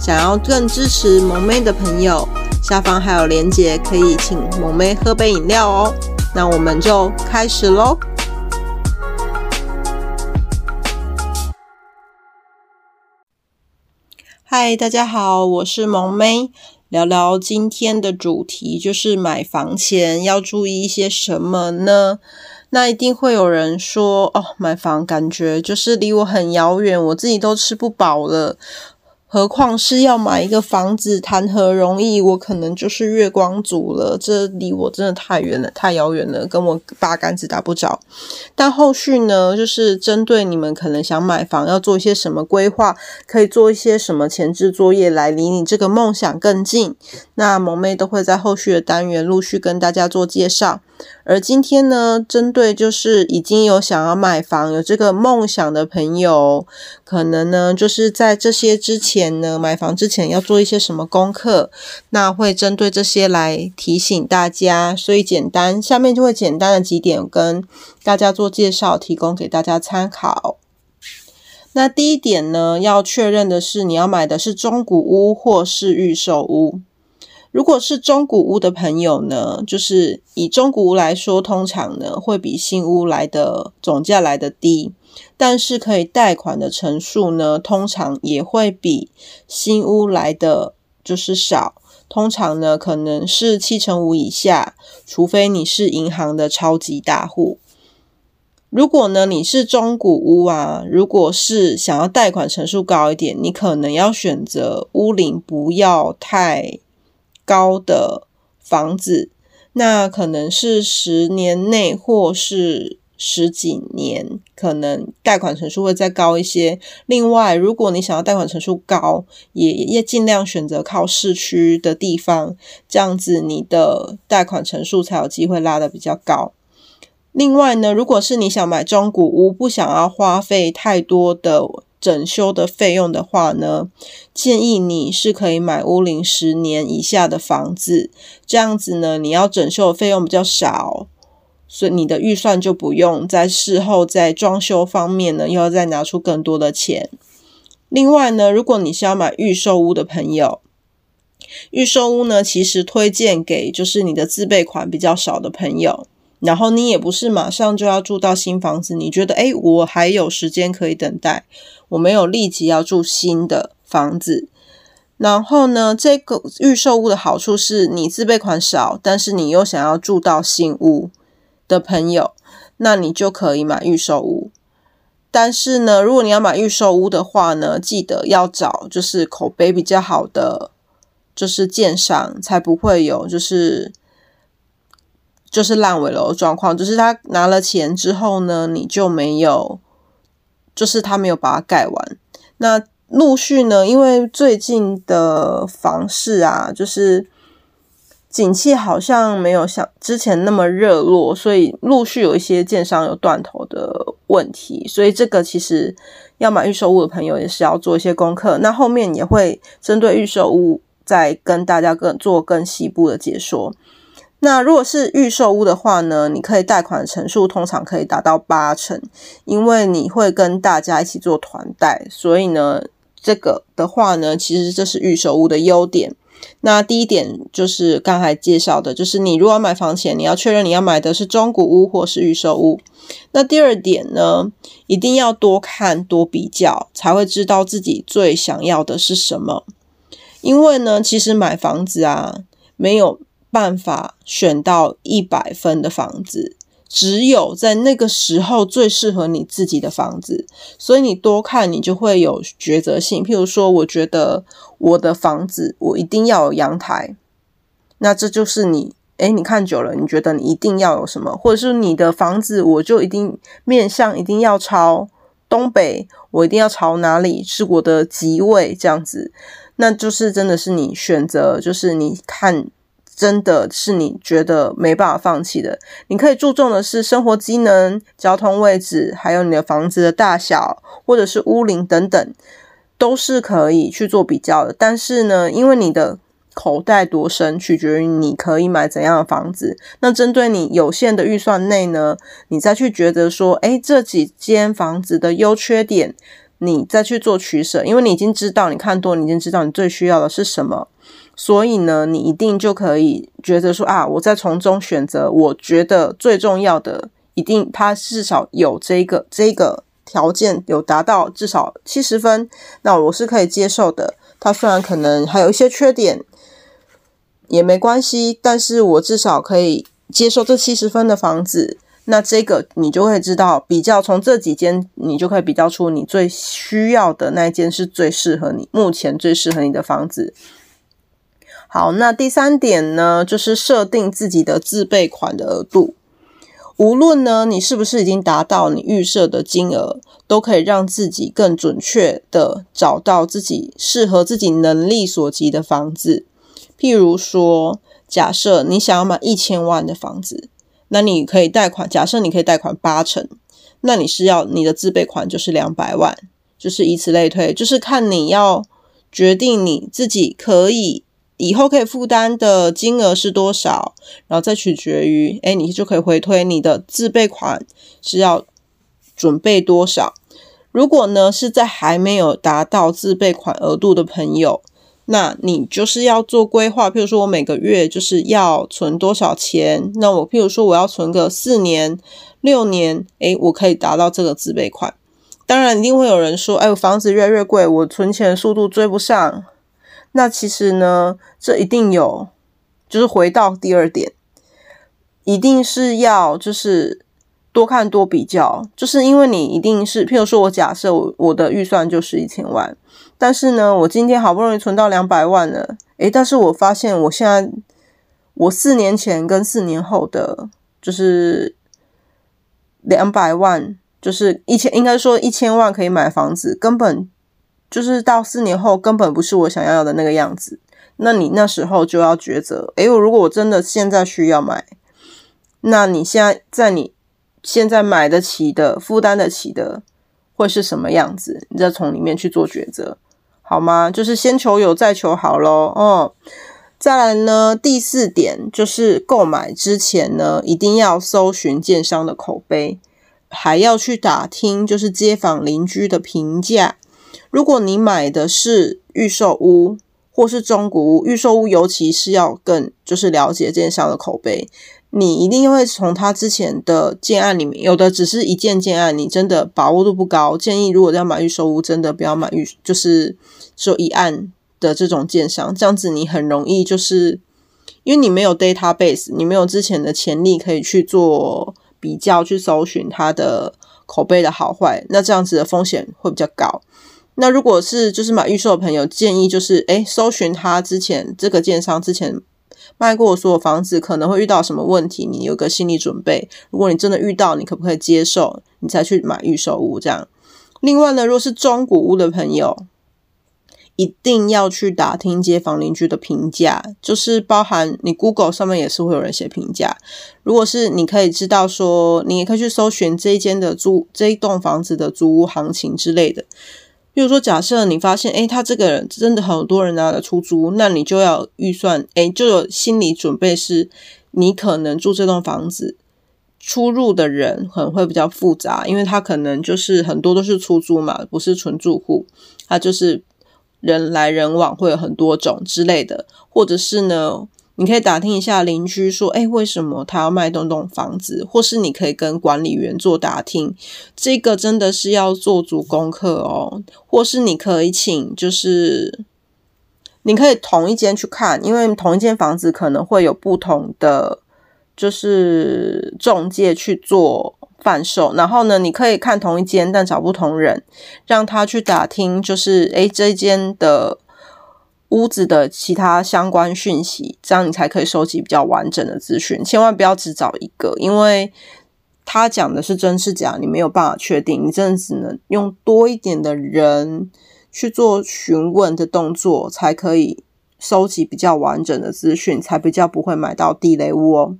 想要更支持萌咩的朋友，下方還有鏈接，可以請萌咩喝杯飲料哦。那我們就開始嘍。嗨，大家好，我是萌咩。聊聊今天的主題，就是買房前要注意一些什麼呢？那一定會有人說，哦，買房感覺就是離我很遙遠，我自己都吃不飽了。何況是要買一個房子，談何容易？我可能就是月光族了，這離我真的太遠了，太遙遠了，跟我八竿子打不着。但後續呢，就是針對你們可能想買房，要做一些什麼規劃，可以做一些什麼前置作業來離你這個夢想更近。那萌咩都會在後續的單元陸續跟大家做介紹。而今天呢，針對就是已經有想要買房、有這個夢想的朋友。可能呢，就是在這些之前呢，買房之前要做一些什麼功課，那會針對這些來提醒大家。所以簡單，下面就會簡單的幾點跟大家做介紹，提供給大家參考。那第一點呢，要確認的是你要買的是中古屋或是預售屋。如果是中古屋的朋友呢，就是以中古屋來說，通常呢會比新屋來的總價來的低，但是可以貸款的成數呢，通常也會比新屋來的就是少，通常呢可能是七成五以下，除非你是銀行的超級大戶。如果呢你是中古屋啊，如果是想要貸款成數高一點，你可能要選擇屋齡不要太高的房子，那可能是十年內或是十幾年，可能貸款成數會再高一些。另外，如果你想要貸款成數高，也也盡量選擇靠市區的地方，這樣子你的貸款成數才有機會拉得比較高。另外呢，如果是你想買中古屋，不想要花費太多的。整修的費用的話呢，建議你是可以買屋齡十年以下的房子，這樣子呢，你要整修的費用比較少，所以你的預算就不用在事後在裝修方面呢，又要再拿出更多的錢。另外呢，如果你是要買預售屋的朋友，預售屋呢，其實推薦給就是你的自備款比較少的朋友。然後你也不是馬上就要住到新房子，你覺得誒，我還有時間可以等待，我沒有立即要住新的房子。然後呢，這個預售屋的好處是你自備款少，但是你又想要住到新屋的朋友，那你就可以買預售屋。但是呢，如果你要買預售屋的話呢，記得要找就是口碑比較好的，就是建商，才不會有就是。就是爛尾樓的狀況，就是他拿了錢之後呢，你就沒有，就是他沒有把它蓋完。那陸續呢，因為最近的房市啊，就是景氣好像沒有像之前那麼熱絡，所以陸續有一些建商有斷頭的問題。所以這個其實要買預售屋的朋友也是要做一些功課。那後面也會針對預售屋，再跟大家更做更細部的解說。那如果是預售屋的話呢，你可以貸款的成數通常可以達到八成，因為你會跟大家一起做團貸，所以呢，這個的話呢，其實這是預售屋的優點。那第一點就是剛才介紹的，就是你如果要買房前，你要確認你要買的是中古屋或是預售屋。那第二點呢，一定要多看多比較，才會知道自己最想要的是什麼。因為呢，其實買房子啊，沒有。辦法選到一百分的房子，只有在那個時候最適合你自己的房子。所以你多看，你就會有抉擇性。譬如說，我覺得我的房子我一定要有陽台，那這就是你誒，你看久了，你覺得你一定要有什麼，或者是你的房子我就一定面向，一定要朝東北，我一定要朝哪裡是我的吉位這樣子，那就是真的是你選擇，就是你看，真的是你覺得沒辦法放棄的，你可以注重的是生活機能、交通位置，還有你的房子的大小，或者是屋齡等等，都是可以去做比較的。但是呢，因為你的口袋多深取決於你可以買怎樣的房子。那針對你有限的預算內呢，你再去覺得說，哎，這幾間房子的優缺點。你再去做取捨，因為你已經知道，你看多，你已經知道你最需要的是什麼，所以呢，你一定就可以覺得說啊，我再從中選擇，我覺得最重要的，一定它至少有這一個這一個條件有達到至少七十分，那我是可以接受的。它雖然可能還有一些缺點，也沒關係，但是我至少可以接受這七十分的房子。那這個你就會知道，比較從這幾間你就可以比較出你最需要的那一間是最適合你目前最適合你的房子。好，那第三點呢，就是設定自己的自備款的額度。無論呢你是不是已經達到你預設的金額，都可以讓自己更準確的找到自己適合自己能力所及的房子。譬如說，假設你想要買一千萬的房子。那你可以貸款，假設你可以貸款八成，那你是要你的自備款就是兩百萬，就是以此類推，就是看你要決定你自己可以以後可以負擔的金額是多少，然後再取決於，哎、欸，你就可以回推你的自備款是要準備多少。如果呢是在還沒有達到自備款額度的朋友。那你就是要做規劃，譬如說，我每個月就是要存多少錢？那我譬如說，我要存個四年、六年，哎、欸，我可以達到這個自備款。當然，一定會有人說，哎、欸，我房子越來越貴，我存錢的速度追不上。那其實呢，這一定有，就是回到第二點，一定是要就是。多看多比較，就是因為你一定是，譬如說我我，我假設我我的預算就是一千萬，但是呢，我今天好不容易存到兩百萬了，誒、欸，但是我發現我現在，我四年前跟四年後的就是兩百萬，就是一千，應該說一千萬可以買房子，根本就是到四年後根本不是我想要的那個樣子。那你那時候就要抉擇，誒、欸，我如果我真的現在需要買，那你現在在你。現在買得起的、負擔得起的，會是什麼樣子？你再從裡面去做抉擇，好嗎？就是先求有，再求好咯。嗯、哦，再來呢，第四點就是購買之前呢，一定要搜尋建商的口碑，還要去打聽就是街坊鄰居的評價。如果你買的是預售屋或是中古屋，預售屋尤其是要更就是了解建商的口碑。你一定會從他之前的建案裡面，有的只是一件建案，你真的把握度不高。建議如果要買預售屋，真的不要買預，就是做一案的這種建商，這樣子你很容易就是，因為你沒有 database，你沒有之前的潛力可以去做比較，去搜尋它的口碑的好壞，那這樣子的風險會比較高。那如果是就是買預售的朋友，建議就是誒、欸、搜尋他之前這個建商之前。賣過所有房子可能會遇到什麼問題，你有個心理準備。如果你真的遇到，你可不可以接受，你才去買預售屋這樣。另外呢，如果是中古屋的朋友，一定要去打聽街坊鄰居的評價，就是包含你 Google 上面也是會有人寫評價。如果是你可以知道說，你也可以去搜尋這一間的租這一棟房子的租屋行情之類的。比如說，假設你發現，誒他這個人真的好多人拿來出租，那你就要預算，誒就有心理準備是，你可能住這棟房子出入的人可能會比較複雜，因為他可能就是很多都是出租嘛，不是純住戶，他就是人來人往，會有很多種之類的，或者是呢。你可以打聽一下鄰居，說：“誒，為什麼他要賣東東房子？”或是你可以跟管理員做打聽，這個真的是要做足功課哦。或是你可以請，就是你可以同一間去看，因為同一間房子可能會有不同的就是仲介去做販售。然後呢，你可以看同一間，但找不同人，讓他去打聽，就是誒，這間的。屋子的其他相關訊息，這樣你才可以收集比較完整的資訊。千萬不要只找一個，因為他講的是真是假，你沒有辦法確定。你這樣只能用多一點的人去做詢問的動作，才可以收集比較完整的資訊，才比較不會買到地雷屋哦。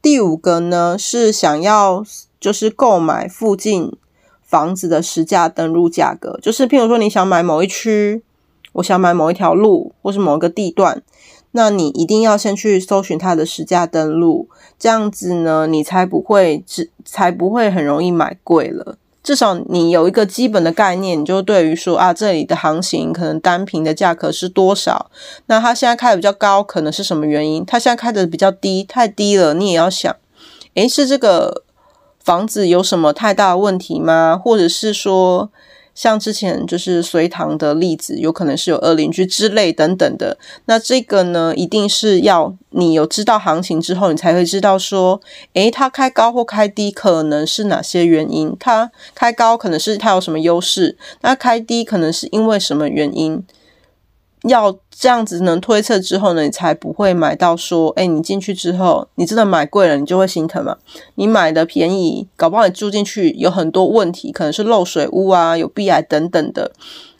第五個呢，是想要就是購買附近房子的實價登錄價格，就是譬如說你想買某一區。我想買某一條路，或是某一個地段，那你一定要先去搜尋它的實價登錄，這樣子呢，你才不會只才不會很容易買貴了。至少你有一個基本的概念，你就對於說啊，這裡的行情可能單坪的價格是多少？那它現在開的比較高，可能是什麼原因？它現在開的比較低，太低了，你也要想，誒、欸，是這個房子有什麼太大的問題嗎？或者是說？像之前就是隋唐的例子，有可能是有惡鄰居之類等等的。那這個呢，一定是要你有知道行情之後，你才會知道說，誒、欸，它開高或開低，可能是哪些原因？它開高可能是它有什麼優勢，那開低可能是因為什麼原因？要這樣子能推測之後呢，你才不會買到說，誒、欸，你進去之後，你真的買貴了，你就會心疼嘛。你買的便宜，搞不好你住進去有很多問題，可能是漏水屋啊，有壁癌等等的，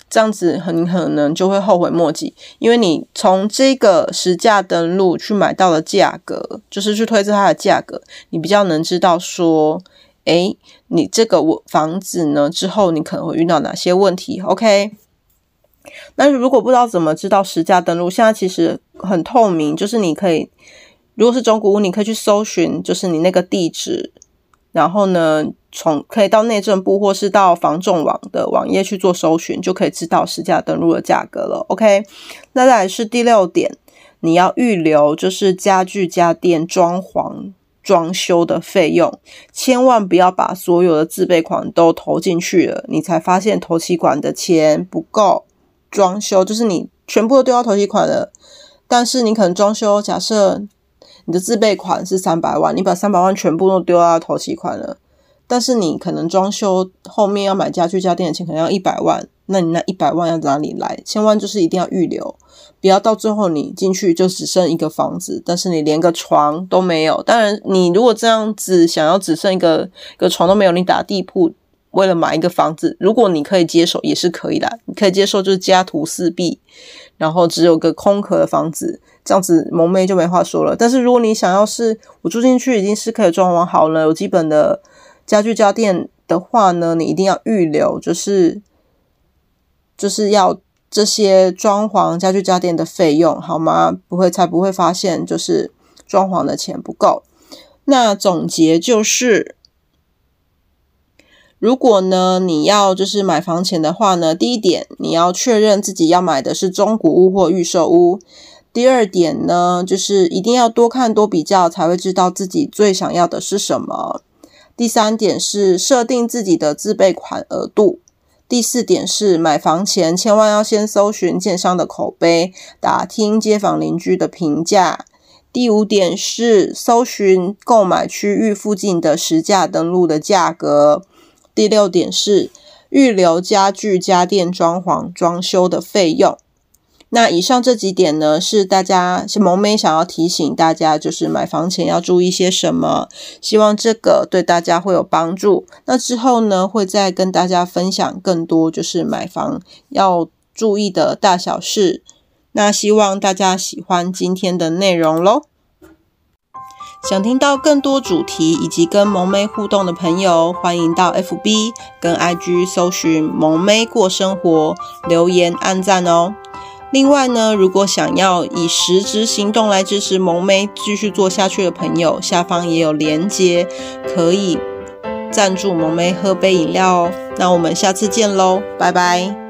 這樣子很可能就會後悔莫及。因為你從這個實價登錄去買到的價格，就是去推測它的價格，你比較能知道說，誒、欸，你這個我房子呢之後，你可能會遇到哪些問題？OK。那如果不知道怎麼知道實價登錄，現在其實很透明，就是你可以，如果是中古屋，你可以去搜尋，就是你那個地址，然後呢，從可以到內政部或是到房仲網的網頁去做搜尋，就可以知道實價登錄的價格了。OK，那再來是第六點，你要預留就是家具、家電、裝潢、裝修的費用，千萬不要把所有的自備款都投進去了，你才發現頭期款的錢不夠。裝修就是你全部都丟到頭期款了，但是你可能裝修，假設你的自備款是三百萬，你把三百萬全部都丟到頭期款了，但是你可能裝修後面要買家具家電的錢可能要一百萬，那你那一百萬要哪裡來？千萬就是一定要預留，不要到最後你進去就只剩一個房子，但是你連個床都沒有。當然，你如果這樣子想要只剩一個一個床都沒有，你打地鋪。為了買一個房子，如果你可以接受也是可以的。你可以接受就是家徒四壁，然後只有個空殼的房子，這樣子萌咩就沒話說了。但是如果你想要是，我住進去已經是可以裝潢好了，有基本的家具家電的話呢，你一定要預留，就是就是要這些裝潢、家具、家電的費用，好嗎？不會才不會發現就是裝潢的錢不夠。那總結就是。如果呢，你要就是買房前的話呢，第一點你要確認自己要買的是中古屋或預售屋。第二點呢，就是一定要多看多比較，才會知道自己最想要的是什麼。第三點是設定自己的自備款額度。第四點是買房前千萬要先搜尋建商的口碑，打聽街坊鄰居的評價。第五點是搜尋購買區域附近的實價登錄的價格。第六點是預留家具、家電、裝潢、裝修的費用。那以上這幾點呢，是大家是萌咩想要提醒大家，就是買房前要注意些什麼。希望這個對大家會有幫助。那之後呢，會再跟大家分享更多，就是買房要注意的大小事。那希望大家喜歡今天的內容嘍。想聽到更多主題以及跟萌咩互動的朋友，歡迎到 FB 跟 IG 搜尋“萌咩過生活”，留言按讚哦。另外呢，如果想要以實質行動來支持萌咩繼續做下去的朋友，下方也有鏈接，可以贊助萌咩喝杯飲料哦。那我們下次見嘍，拜拜。